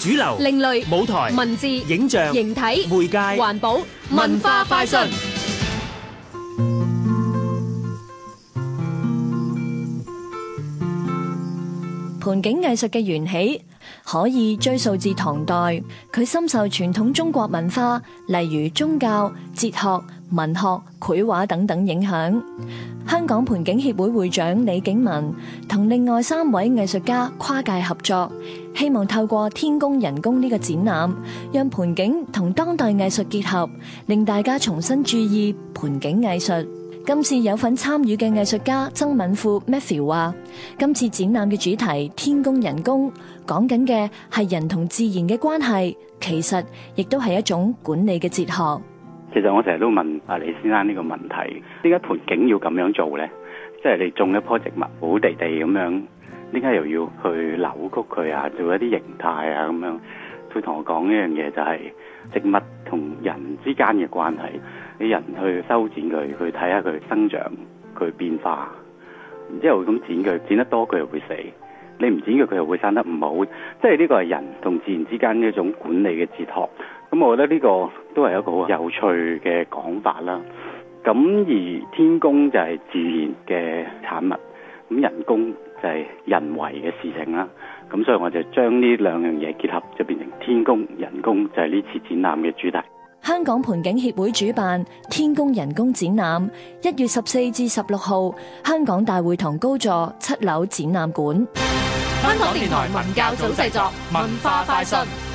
主流，希望透過天工人工呢個展覽，讓盆景同當代藝術結合，令大家重新注意盆景藝術。今次有份參與嘅藝術家曾敏富 Matthew 話：今次展覽嘅主題天工人工，講緊嘅係人同自然嘅關係，其實亦都係一種管理嘅哲學。其實我成日都問阿李先生呢個問題：點解盆景要咁樣做呢？即係你種一棵植物，好地地咁樣。點解又要去扭曲佢啊？做一啲形態啊咁樣，佢同我講一樣嘢就係植物同人之間嘅關係。你人去修剪佢，去睇下佢生長、佢變化，然之後咁剪佢，剪得多佢又會死。你唔剪佢，佢又會生得唔好。即係呢個係人同自然之間一種管理嘅哲學。咁我覺得呢個都係一個好有趣嘅講法啦。咁而天公就係自然嘅產物。咁人工就係人為嘅事情啦，咁所以我就將呢兩樣嘢結合，就變成天工人工，就係呢次展覽嘅主題。香港盆景協會主辦天工人工展覽，一月十四至十六號，香港大會堂高座七樓展覽館。香港電台文教組製作，文化快訊。